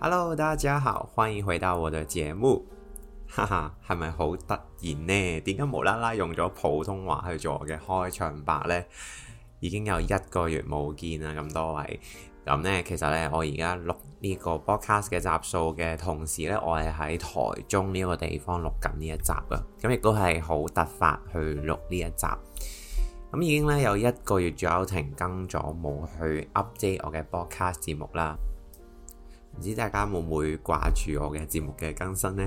Hello，大家好，歡迎回到我的節目。哈哈，係咪好突然呢？點解無啦啦用咗普通話去做我嘅開場白呢？已經有一個月冇見啦，咁多位咁呢，其實呢，我而家錄呢個 broadcast 嘅集數嘅同時呢，我係喺台中呢個地方錄緊呢一集噶，咁亦都係好突發去錄呢一集。咁已經呢，有一個月左右停更咗，冇去 update 我嘅 broadcast 節目啦。唔知大家會唔會掛住我嘅節目嘅更新呢？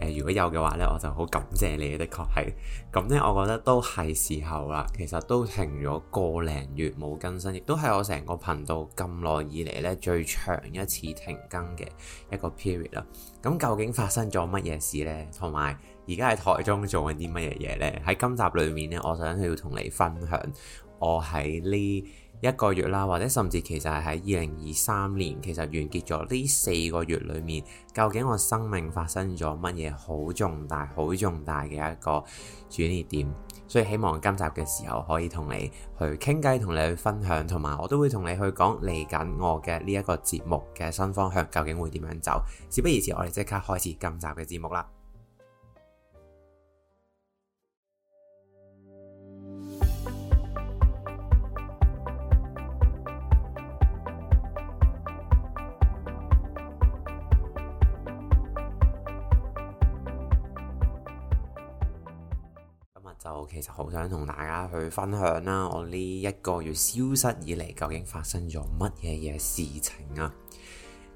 誒、呃，如果有嘅話呢，我就好感謝你，的確係。咁呢，我覺得都係時候啦。其實都停咗個零月冇更新，亦都係我成個頻道咁耐以嚟呢，最長一次停更嘅一個 period 啦。咁究竟發生咗乜嘢事呢？同埋而家喺台中做緊啲乜嘢嘢呢？喺今集裡面呢，我想要同你分享我喺呢一個月啦，或者甚至其實係喺二零二三年，其實完結咗呢四個月裏面，究竟我生命發生咗乜嘢好重大、好重大嘅一個轉捩點？所以希望今集嘅時候可以同你去傾偈，同你去分享，同埋我都會同你去講嚟緊我嘅呢一個節目嘅新方向究竟會點樣走。事不宜遲，我哋即刻開始今集嘅節目啦。其實好想同大家去分享啦，我呢一個月消失以嚟究竟發生咗乜嘢事情啊？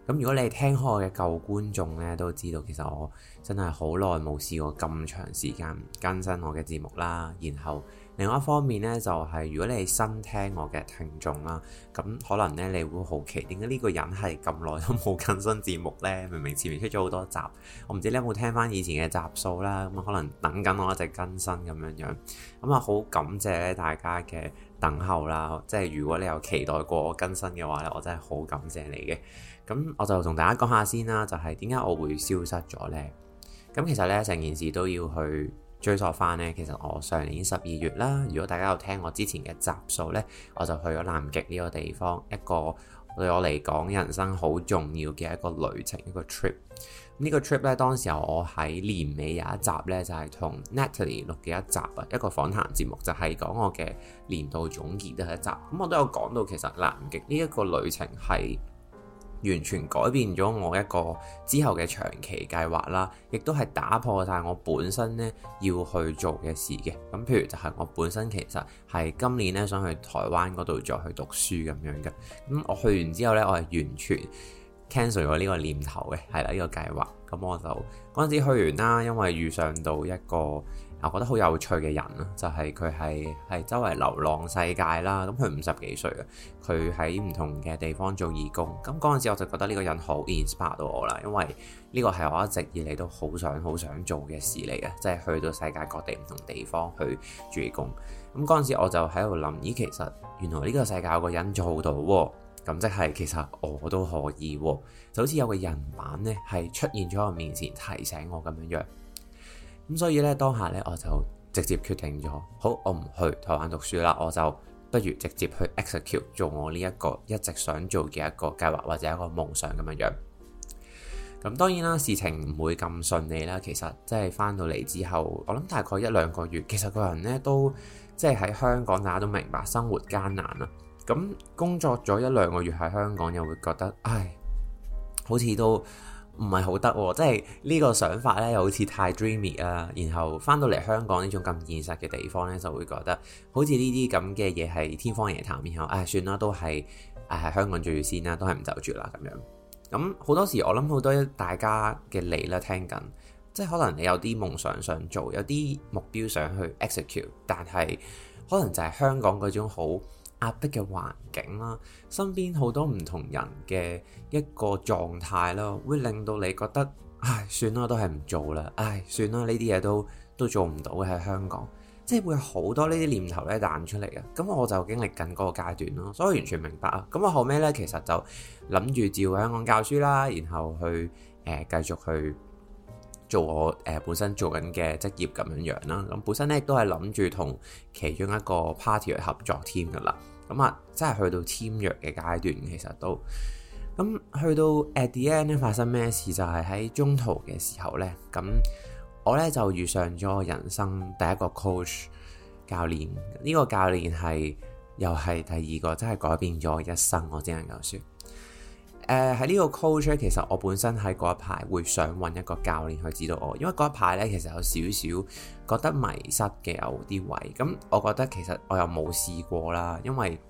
咁如果你係聽開我嘅舊觀眾咧，都知道其實我真係好耐冇試過咁長時間更新我嘅節目啦。然後另外一方面咧，就係如果你係新聽我嘅聽眾啦，咁可能咧你會好奇點解呢個人係咁耐都冇更新節目咧？明明前面出咗好多集，我唔知你有冇聽翻以前嘅集數啦。咁可能等緊我一直更新咁樣樣。咁啊，好感謝咧大家嘅等候啦。即係如果你有期待過我更新嘅話咧，我真係好感謝你嘅。咁我就同大家講下先啦，就係點解我會消失咗呢？咁其實呢，成件事都要去追溯翻呢。其實我上年十二月啦，如果大家有聽我之前嘅集數呢，我就去咗南極呢個地方，一個對我嚟講人生好重要嘅一個旅程，一個 trip。呢、嗯呢個 trip 呢，當時候我喺年尾有一集呢，就係、是、同 Natalie 錄嘅一集啊，一個訪談節目，就係、是、講我嘅年度總結嘅一集。咁我都有講到，其實南極呢一個旅程係，完全改變咗我一個之後嘅長期計劃啦，亦都係打破晒我本身咧要去做嘅事嘅。咁譬如就係我本身其實係今年咧想去台灣嗰度再去讀書咁樣嘅。咁我去完之後呢，我係完全 cancel 咗呢個念頭嘅，係啦呢、呢個計劃。咁我就嗰陣時去完啦，因為遇上到一個啊，覺得好有趣嘅人啦，就係佢係係周圍流浪世界啦。咁佢五十幾歲啊，佢喺唔同嘅地方做義工。咁嗰陣時我就覺得呢個人好 inspire 到我啦，因為呢個係我一直以嚟都好想好想做嘅事嚟嘅，即係去到世界各地唔同地方去住義工。咁嗰陣時我就喺度諗，咦，其實原來呢個世界有個人做到喎，咁即係其實我都可以喎，就好似有個人版呢，係出現咗我面前提醒我咁樣樣。咁所以咧，當下咧，我就直接決定咗，好，我唔去台灣讀書啦，我就不如直接去 execute 做我呢一個一直想做嘅一個計劃或者一個夢想咁樣樣。咁當然啦，事情唔會咁順利啦。其實即係返到嚟之後，我諗大概一兩個月，其實個人咧都即係喺香港，大家都明白生活艱難啦。咁工作咗一兩個月喺香港，又會覺得唉，好似都～唔係好得喎，即係呢個想法呢，又好似太 dreamy 啊。然後翻到嚟香港呢種咁現實嘅地方呢，就會覺得好似呢啲咁嘅嘢係天方夜譚。然後唉、哎，算啦，都係唉、哎，香港住先啦，都係唔走住啦咁樣。咁好多時我諗好多大家嘅你咧聽緊，即係可能你有啲夢想想做，有啲目標想去 execute，但係可能就係香港嗰種好壓迫嘅環境啦，身邊好多唔同人嘅一個狀態啦，會令到你覺得唉，算啦，都係唔做啦，唉，算啦，呢啲嘢都做都，都做唔到喺香港，即係會好多呢啲念頭咧彈出嚟啊！咁我就經歷緊嗰個階段咯，所以我完全明白啊！咁我後尾咧其實就諗住照喺香港教書啦，然後去誒、呃、繼續去。做我誒本身做緊嘅職業咁樣樣啦，咁本身咧都係諗住同其中一個 party 去合作添噶啦，咁啊，即係去到簽約嘅階段，其實都咁去到 at the end 咧發生咩事就係喺中途嘅時候咧，咁我咧就遇上咗人生第一個 coach 教練，呢個教練係又係第二個真係改變咗我一生，我只能夠説。誒喺呢個 culture 其實我本身喺嗰一排會想揾一個教練去指導我，因為嗰一排呢，其實有少少覺得迷失嘅有啲位，咁我覺得其實我又冇試過啦，因為誒、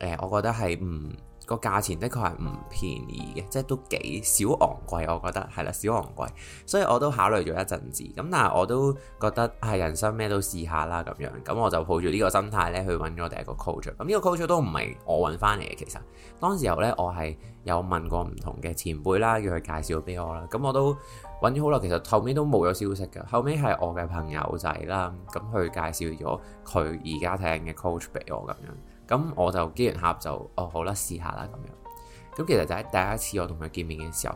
呃、我覺得係唔。嗯個價錢的確係唔便宜嘅，即係都幾少昂貴，我覺得係啦，少昂貴，所以我都考慮咗一陣子。咁但係我都覺得係人生咩都試下啦咁樣。咁我就抱住呢個心態咧，去揾咗我第一個 coach。咁呢個 coach 都唔係我揾翻嚟嘅，其實當時候咧，我係有問過唔同嘅前輩啦，要佢介紹俾我啦。咁我都揾咗好耐，其實後尾都冇咗消息嘅。後尾係我嘅朋友仔啦，咁佢介紹咗佢而家聽嘅 coach 俾我咁樣。咁我就機緣巧合就，哦，好啦，試下啦咁樣。咁其實就喺第一次我同佢見面嘅時候，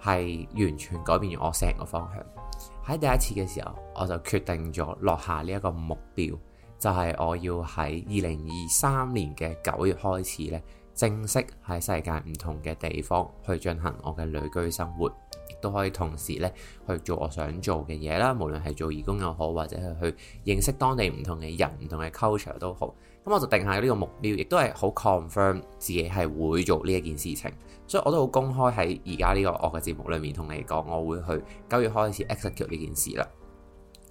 係完全改變咗我成個方向。喺第一次嘅時候，我就決定咗落下呢一個目標，就係我要喺二零二三年嘅九月開始咧，正式喺世界唔同嘅地方去進行我嘅旅居生活，亦都可以同時咧去做我想做嘅嘢啦，無論係做義工又好，或者係去認識當地唔同嘅人、唔同嘅 culture 都好。咁我就定下呢個目標，亦都係好 confirm 自己係會做呢件事情，所以我都好公開喺而家呢個我嘅節目裏面同你講，我會去九月開始 execute 呢件事啦。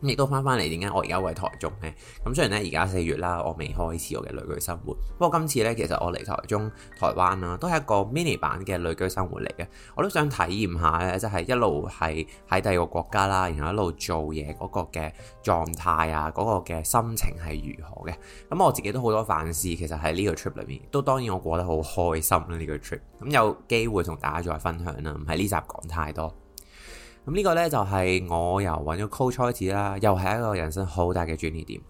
亦都翻翻嚟，點解我而家會喺台中咧？咁雖然咧而家四月啦，我未開始我嘅旅居生活。不過今次呢，其實我嚟台中、台灣啦，都係一個 mini 版嘅旅居生活嚟嘅。我都想體驗下呢，即係一路係喺第二個國家啦，然後一路做嘢嗰個嘅狀態啊，嗰、嗰個嘅心情係如何嘅？咁我自己都好多反思。其實喺呢個 trip 裏面，都當然我過得好開心啦、啊。呢、呢個 trip 咁有機會同大家再分享啦，唔係呢集講太多。咁呢個呢，就係、是、我由揾咗 coach 開始啦，又係一個人生好大嘅轉移點。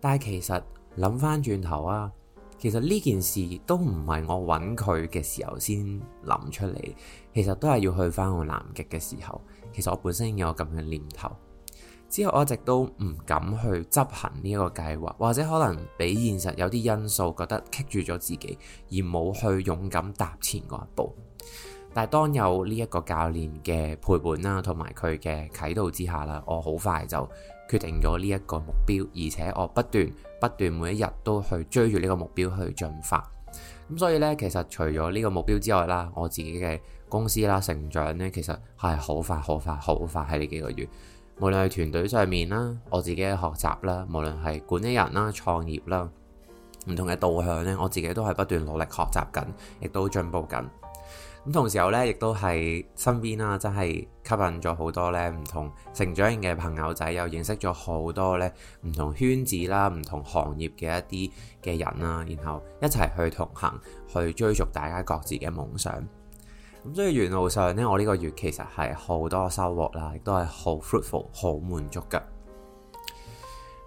但係其實諗翻轉頭啊，其實呢件事都唔係我揾佢嘅時候先諗出嚟，其實都係要去翻個南極嘅時候，其實我本身有咁嘅念頭。之後我一直都唔敢去執行呢個計劃，或者可能俾現實有啲因素覺得棘住咗自己，而冇去勇敢踏前嗰一步。但當有呢一個教練嘅陪伴啦，同埋佢嘅啟導之下啦，我好快就決定咗呢一個目標，而且我不斷不斷每一日都去追住呢個目標去進發。咁所以呢，其實除咗呢個目標之外啦，我自己嘅公司啦，成長呢其實係好快好快好快喺呢幾個月。無論係團隊上面啦，我自己嘅學習啦，無論係管理人啦、創業啦，唔同嘅導向呢，我自己都係不斷努力學習緊，亦都進步緊。咁同時候咧，亦都係身邊啦，真係吸引咗好多咧唔同成長型嘅朋友仔，又認識咗好多咧唔同圈子啦、唔同行業嘅一啲嘅人啦，然後一齊去同行，去追逐大家各自嘅夢想。咁所以沿路上咧，我呢個月其實係好多收穫啦，亦都係好 fruitful、好滿足㗎。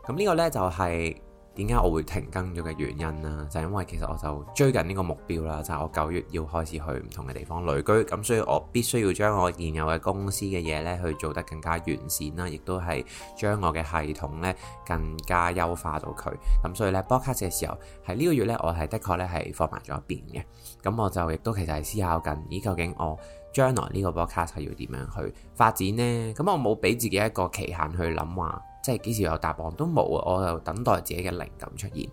咁呢個咧就係、是。點解我會停更咗嘅原因呢？就係因為其實我就追緊呢個目標啦，就係我九月要開始去唔同嘅地方旅居，咁所以我必須要將我現有嘅公司嘅嘢呢去做得更加完善啦，亦都係將我嘅系統呢更加優化到佢。咁所以呢，Podcast 嘅時候喺呢個月呢，我係的確呢係放埋咗一邊嘅。咁我就亦都其實係思考緊，咦究竟我將來呢個 Podcast 係要點樣去發展呢？咁我冇俾自己一個期限去諗話。即係幾時有答案都冇啊！我就等待自己嘅靈感出現。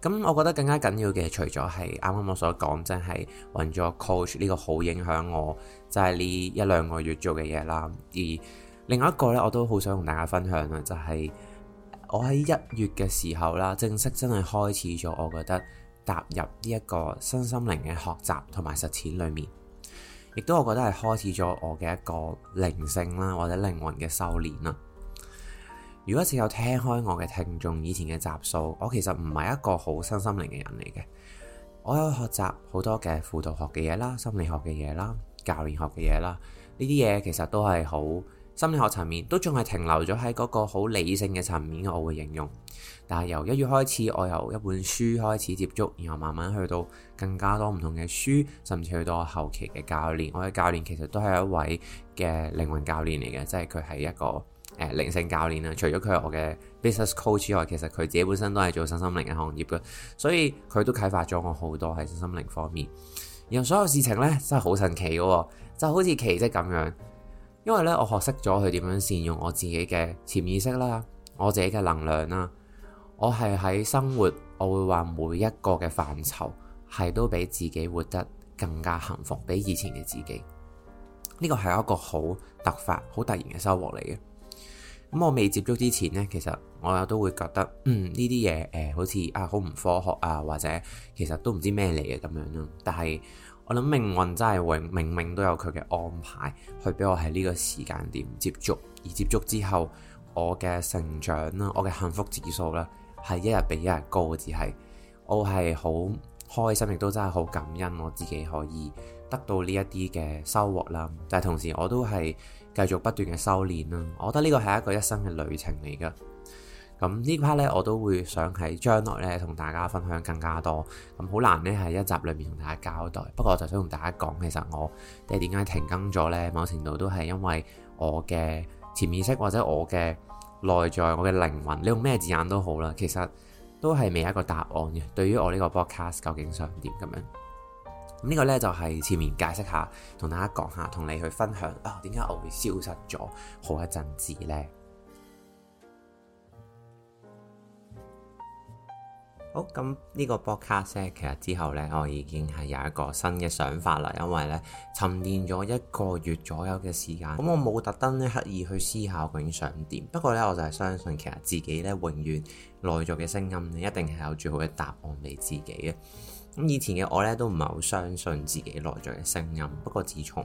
咁，我覺得更加緊要嘅，除咗係啱啱我所講，真係揾咗 coach 呢個好影響我，就係呢一兩個月做嘅嘢啦。而另外一個呢，我都好想同大家分享啊，就係、是、我喺一月嘅時候啦，正式真係開始咗，我覺得踏入呢一個身心靈嘅學習同埋實踐裏面，亦都我覺得係開始咗我嘅一個靈性啦，或者靈魂嘅修練啦。如果只有聽開我嘅聽眾以前嘅集數，我其實唔係一個好身心靈嘅人嚟嘅。我有學習好多嘅輔導學嘅嘢啦、心理學嘅嘢啦、教練學嘅嘢啦，呢啲嘢其實都係好心理學層面，都仲係停留咗喺嗰個好理性嘅層面我會形容。但係由一月開始，我由一本書開始接觸，然後慢慢去到更加多唔同嘅書，甚至去到我後期嘅教練。我嘅教練其實都係一位嘅靈魂教練嚟嘅，即係佢係一個。誒靈性教練啦，除咗佢係我嘅 business coach 之外，其實佢自己本身都係做身心靈嘅行業嘅，所以佢都啟發咗我好多喺身心靈方面。然後所有事情呢，真係好神奇嘅喎，就好似奇蹟咁樣。因為呢，我學識咗佢點樣善用我自己嘅潛意識啦，我自己嘅能量啦。我係喺生活，我會話每一個嘅範疇係都比自己活得更加幸福，比以前嘅自己。呢個係一個好突發、好突然嘅收穫嚟嘅。咁我未接觸之前呢，其實我也都會覺得，嗯，呢啲嘢誒，好似啊好唔科學啊，或者其實都唔知咩嚟嘅咁樣咯。但係我諗命運真係會明明都有佢嘅安排，去俾我喺呢個時間點接觸。而接觸之後，我嘅成長啦，我嘅幸福指數啦，係一日比一日高嘅，只係我係好開心，亦都真係好感恩我自己可以得到呢一啲嘅收穫啦。但係同時我都係。繼續不斷嘅修練啦，我覺得呢個係一個一生嘅旅程嚟噶。咁呢 part 呢，我都會想喺將來呢同大家分享更加多。咁好難呢，喺一集裏面同大家交代。不過我就想同大家講，其實我即係點解停更咗呢？某程度都係因為我嘅潛意識或者我嘅內在，我嘅靈魂，你用咩字眼都好啦，其實都係未一個答案嘅。對於我呢個 broadcast 究竟想點咁樣？呢個呢，就係、是、前面解釋下，同大家講下，同你去分享啊，點解我會消失咗好一陣子呢。好，咁呢個 podcast 其實之後呢，我已經係有一個新嘅想法啦，因為呢，沉澱咗一個月左右嘅時間，咁我冇特登呢刻意去思考，想點？不過呢，我就係相信，其實自己呢，永遠內在嘅聲音呢，一定係有最好嘅答案俾自己嘅。咁以前嘅我咧都唔係好相信自己內在嘅聲音，不過自從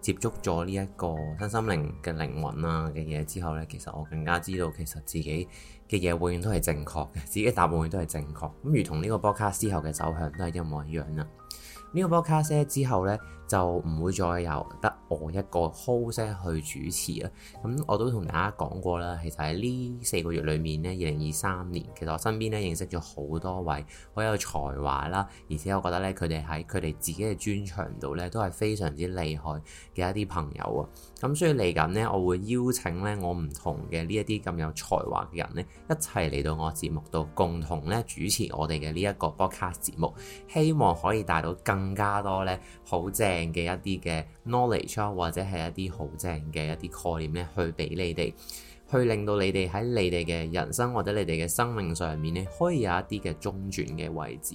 接觸咗呢一個身心靈嘅靈魂啊嘅嘢之後咧，其實我更加知道其實自己嘅嘢永遠都係正確嘅，自己答案永遠都係正確。咁如同呢個 Podcast 之後嘅走向都係一模一樣啦。呢個播卡聲之後呢，就唔會再由得我一個 h o l l 聲去主持啊。咁我都同大家講過啦，其實喺呢四個月裡面呢，二零二三年，其實我身邊咧認識咗好多位好有才華啦，而且我覺得呢，佢哋喺佢哋自己嘅專長度呢，都係非常之厲害嘅一啲朋友啊。咁所以嚟緊呢，我會邀請呢我唔同嘅呢一啲咁有才華嘅人呢，一齊嚟到我節目度，共同呢主持我哋嘅呢一個播卡節目，希望可以帶到更加多呢好正嘅一啲嘅 knowledge 或者係一啲好正嘅一啲概念呢，去俾你哋，去令到你哋喺你哋嘅人生或者你哋嘅生命上面呢，可以有一啲嘅中轉嘅位置。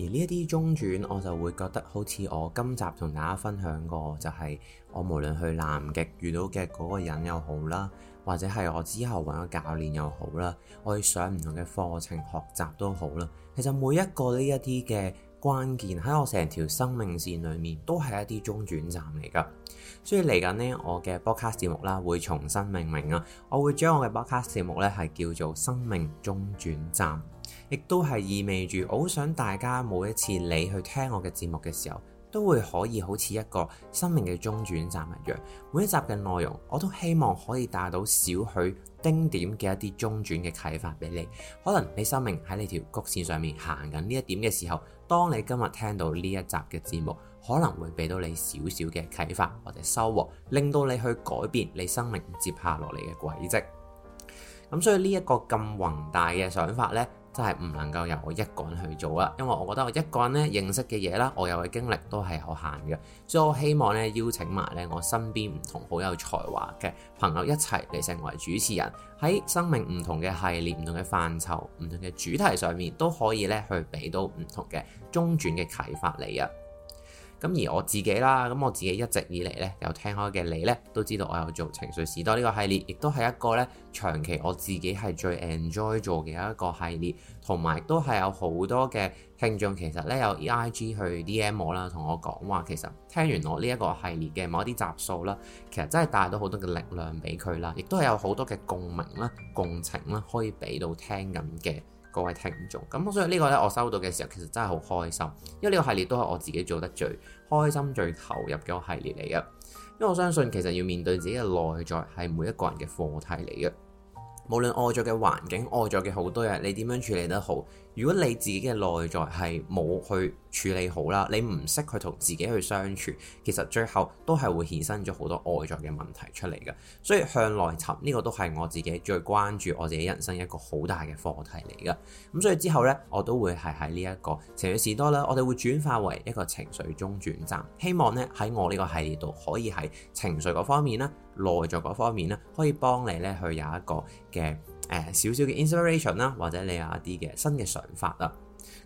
而呢一啲中轉，我就會覺得好似我今集同大家分享過，就係我無論去南極遇到嘅嗰個人又好啦，或者係我之後揾個教練又好啦，我上唔同嘅課程學習都好啦。其實每一個呢一啲嘅關鍵喺我成條生命線裏面，都係一啲中轉站嚟噶。所以嚟緊呢，我嘅播客節目啦，會重新命名啊，我會將我嘅播客節目呢係叫做《生命中轉站》。亦都係意味住，我好想大家每一次你去聽我嘅節目嘅時候，都會可以好似一個生命嘅中轉站一樣。每一集嘅內容，我都希望可以帶到少許丁點嘅一啲中轉嘅啟發俾你。可能你生命喺你條曲線上面行緊呢一點嘅時候，當你今日聽到呢一集嘅節目，可能會俾到你少少嘅啟發或者收穫，令到你去改變你生命接下落嚟嘅軌跡。咁所以呢一個咁宏大嘅想法呢。但係唔能夠由我一個人去做啦，因為我覺得我一個人咧認識嘅嘢啦，我有嘅經歷都係有限嘅，所以我希望咧邀請埋咧我身邊唔同好有才華嘅朋友一齊嚟成為主持人，喺生命唔同嘅系列、唔同嘅範疇、唔同嘅主題上面都可以咧去俾到唔同嘅中轉嘅啟發你啊！咁而我自己啦，咁我自己一直以嚟呢，有聽開嘅你呢，都知道我有做情緒士多呢個系列，亦都係一個呢長期我自己係最 enjoy 做嘅一個系列，同埋都係有好多嘅聽眾其實呢，有 IG 去 DM 我啦，同我講話其實聽完我呢一個系列嘅某一啲集數啦，其實真係帶到好多嘅力量俾佢啦，亦都係有好多嘅共鳴啦、共情啦，可以俾到聽緊嘅。各位聽眾咁，所以呢個呢，我收到嘅時候其實真係好開心，因為呢個系列都係我自己做得最開心、最投入嘅系列嚟嘅。因為我相信其實要面對自己嘅內在係每一個人嘅課題嚟嘅，無論外在嘅環境、外在嘅好多嘢，你點樣處理得好？如果你自己嘅內在係冇去處理好啦，你唔識去同自己去相處，其實最後都係會衍生咗好多外在嘅問題出嚟嘅。所以向內尋呢個都係我自己最關注我自己人生一個好大嘅課題嚟嘅。咁所以之後呢，我都會係喺呢一個情緒士多啦，我哋會轉化為一個情緒中轉站，希望呢喺我呢個系列度可以喺情緒嗰方面啦、內在嗰方面啦，可以幫你呢去有一個嘅。誒少少嘅 inspiration 啦，呃、小小 inspiration，或者你有一啲嘅新嘅想法啦。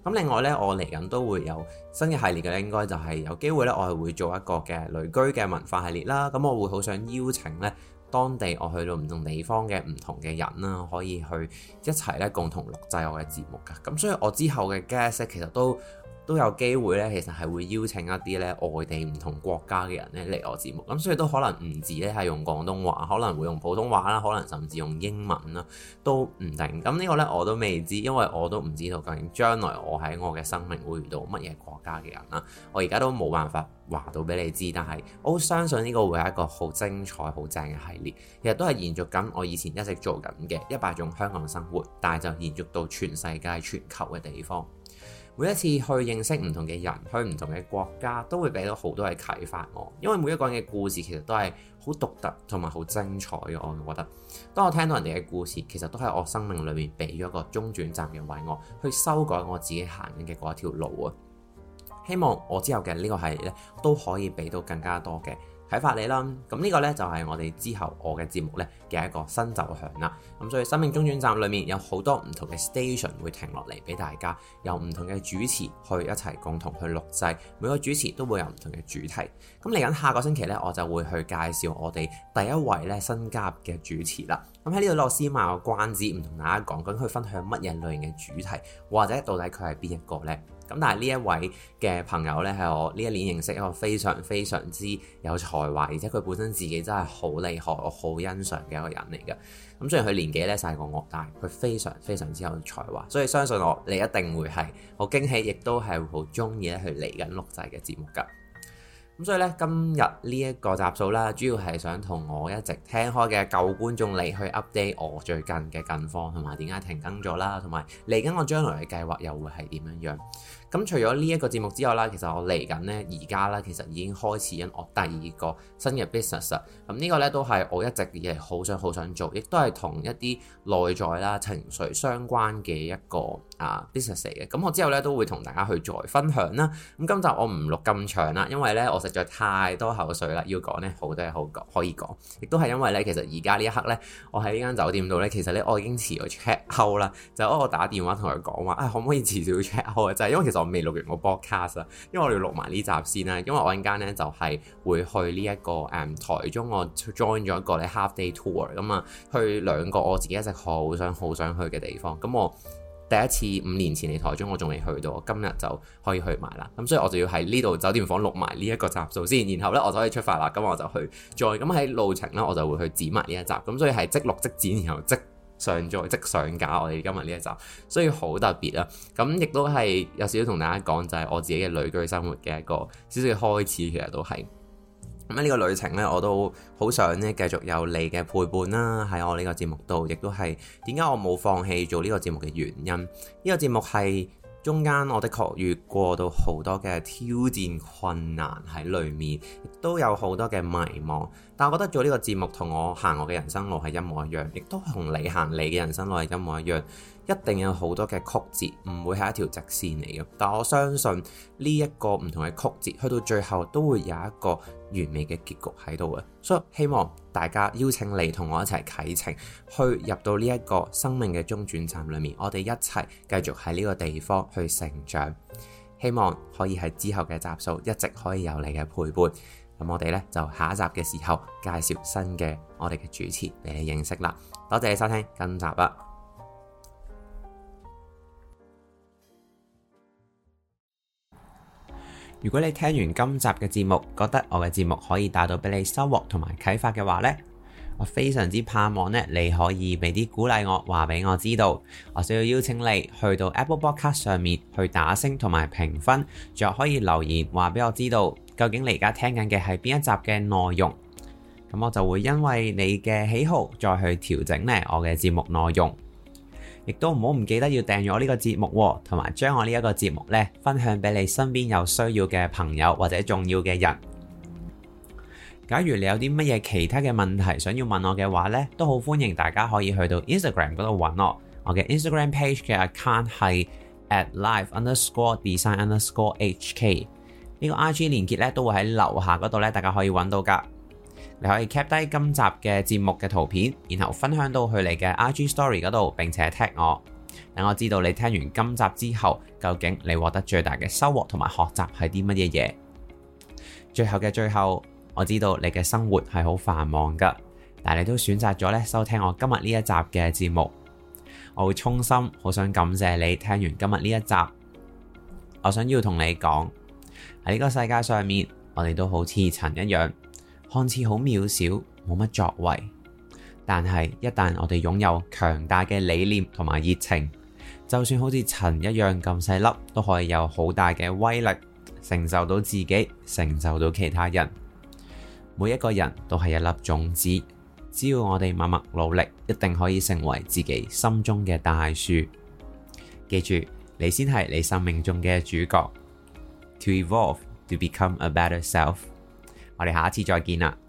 咁另外呢，我嚟緊都會有新嘅系列嘅，應該就係有機會呢，我係會做一個嘅旅居嘅文化系列啦。咁我會好想邀請呢當地我去到唔同地方嘅唔同嘅人啦，可以去一齊呢共同錄製我嘅節目噶。咁所以我之後嘅 guest 其實都～都有機會咧，其實係會邀請一啲咧外地唔同國家嘅人咧嚟我節目，咁所以都可能唔止咧係用廣東話，可能會用普通話啦，可能甚至用英文啦，都唔定。咁呢個呢我都未知，因為我都唔知道究竟將來我喺我嘅生命會遇到乜嘢國家嘅人啦。我而家都冇辦法話到俾你知，但係我好相信呢個會係一個好精彩、好正嘅系列。其實都係延續緊我以前一直做緊嘅一百種香港生活，但係就延續到全世界全球嘅地方。每一次去認識唔同嘅人，去唔同嘅國家，都會俾到好多嘅啟發我。因為每一個人嘅故事其實都係好獨特同埋好精彩嘅，我覺得。當我聽到人哋嘅故事，其實都係我生命裏面俾咗一個中轉站嘅位，我去修改我自己行緊嘅嗰條路啊！希望我之後嘅呢個系列咧，都可以俾到更加多嘅。啟發你啦，咁、這、呢個呢，就係我哋之後我嘅節目呢嘅一個新走向啦。咁所以生命中轉站裏面有好多唔同嘅 station 會停落嚟俾大家，由唔同嘅主持去一齊共同去錄製，每個主持都會有唔同嘅主題。咁嚟緊下個星期呢，我就會去介紹我哋第一位呢新加入嘅主持啦。咁喺呢度攞斯馬嘅關子，唔同大家講，究竟佢分享乜嘢類型嘅主題，或者到底佢係邊一個呢？咁但係呢一位嘅朋友呢，係我呢一年認識一個非常非常之有才華，而且佢本身自己真係好厲害，我好欣賞嘅一個人嚟嘅。咁雖然佢年紀呢細過我，但係佢非常非常之有才華，所以相信我，你一定會係好驚喜，亦都係好中意去嚟緊錄製嘅節目㗎。咁所以呢，今日呢一個集數啦，主要係想同我一直聽開嘅舊觀眾嚟去 update 我最近嘅近況同埋點解停更咗啦，同埋嚟緊我將來嘅計劃又會係點樣樣。咁、嗯、除咗呢一個節目之外啦，其實我嚟緊呢，而家呢，其實已經開始緊我第二個新嘅 business。咁、嗯、呢、呢個呢，都係我一直係好想好想做，亦都係同一啲內在啦、情緒相關嘅一個啊 business 嚟嘅。咁、嗯、我之後呢，都會同大家去再分享啦。咁、嗯、今集我唔錄咁長啦，因為呢，我實在太多口水啦，要講呢，好多嘢好講可以講，亦都係因為呢，其實而家呢一刻呢，我喺呢間酒店度呢，其實呢，我已經遲咗 check out 啦，就係、我打電話同佢講話啊，可唔可以遲少 check out？就因為其實。我未錄完我 broadcast 啦，因為我要錄埋呢集先啦。因為我陣間咧就係、是、會去呢、這、一個誒台中，我 join 咗一個咧 half day tour 咁、嗯、啊，去兩個我自己一直好想好想去嘅地方。咁、嗯、我第一次五年前嚟台中，我仲未去到，今日就可以去埋啦。咁、嗯、所以我就要喺呢度酒店房錄埋呢一個集數先，然後咧我就可以出發啦。咁、嗯、我就去 join 咁喺路程咧，我就會去剪埋呢一集。咁、嗯、所以係即錄即剪，然後即。上座即上架，我哋今日呢一集，所以好特別啊。咁亦都係有少少同大家講，就係我自己嘅旅居生活嘅一個小小開始，其實都係。咁呢個旅程呢，我都好想呢繼續有你嘅陪伴啦，喺我呢個節目度，亦都係點解我冇放棄做呢個節目嘅原因。呢個節目係。中間我的確遇過到好多嘅挑戰困難喺裏面，亦都有好多嘅迷茫。但我覺得做呢個節目同我行我嘅人生路係一模一樣，亦都同你行你嘅人生路係一模一樣。一定有好多嘅曲折，唔會係一條直線嚟嘅。但我相信呢一個唔同嘅曲折，去到最後都會有一個完美嘅結局喺度啊！所、so, 以希望大家邀請你同我一齊啟程，去入到呢一個生命嘅中轉站裏面，我哋一齊繼續喺呢個地方去成長。希望可以喺之後嘅集數一直可以有你嘅陪伴。咁我哋呢，就下一集嘅時候介紹新嘅我哋嘅主持俾你認識啦。多謝你收聽今集啊！如果你聽完今集嘅節目，覺得我嘅節目可以帶到俾你收穫同埋啟發嘅話呢，我非常之盼望咧，你可以俾啲鼓勵我，話俾我知道。我需要邀請你去到 Apple Podcast 上面去打星同埋評分，仲可以留言話俾我知道，究竟你而家聽緊嘅係邊一集嘅內容。咁我就會因為你嘅喜好再去調整咧我嘅節目內容。亦都唔好唔記得要訂閱我呢個節目，同埋將我呢一個節目呢，分享俾你身邊有需要嘅朋友或者重要嘅人。假如你有啲乜嘢其他嘅問題想要問我嘅話呢，都好歡迎大家可以去到 Instagram 嗰度揾我。我嘅 Instagram page 嘅 account 係 at life underscore design underscore hk。呢個 IG 連結呢都會喺樓下嗰度呢，大家可以揾到㗎。你可以 cap 低今集嘅節目嘅圖片，然後分享到去你嘅 IG Story 嗰度，並且踢我，等我知道你聽完今集之後，究竟你獲得最大嘅收穫同埋學習係啲乜嘢嘢？最後嘅最後，我知道你嘅生活係好繁忙噶，但係你都選擇咗咧收聽我今日呢一集嘅節目，我會衷心好想感謝你聽完今日呢一集。我想要同你講，喺呢個世界上面，我哋都好似塵一樣。看似好渺小，冇乜作為，但係一旦我哋擁有強大嘅理念同埋熱情，就算好似塵一樣咁細粒，都可以有好大嘅威力，承受到自己，承受到其他人。每一個人都係一粒種子，只要我哋默默努力，一定可以成為自己心中嘅大樹。記住，你先係你生命中嘅主角。To evolve, to become a better self. 我哋下一次再見啦～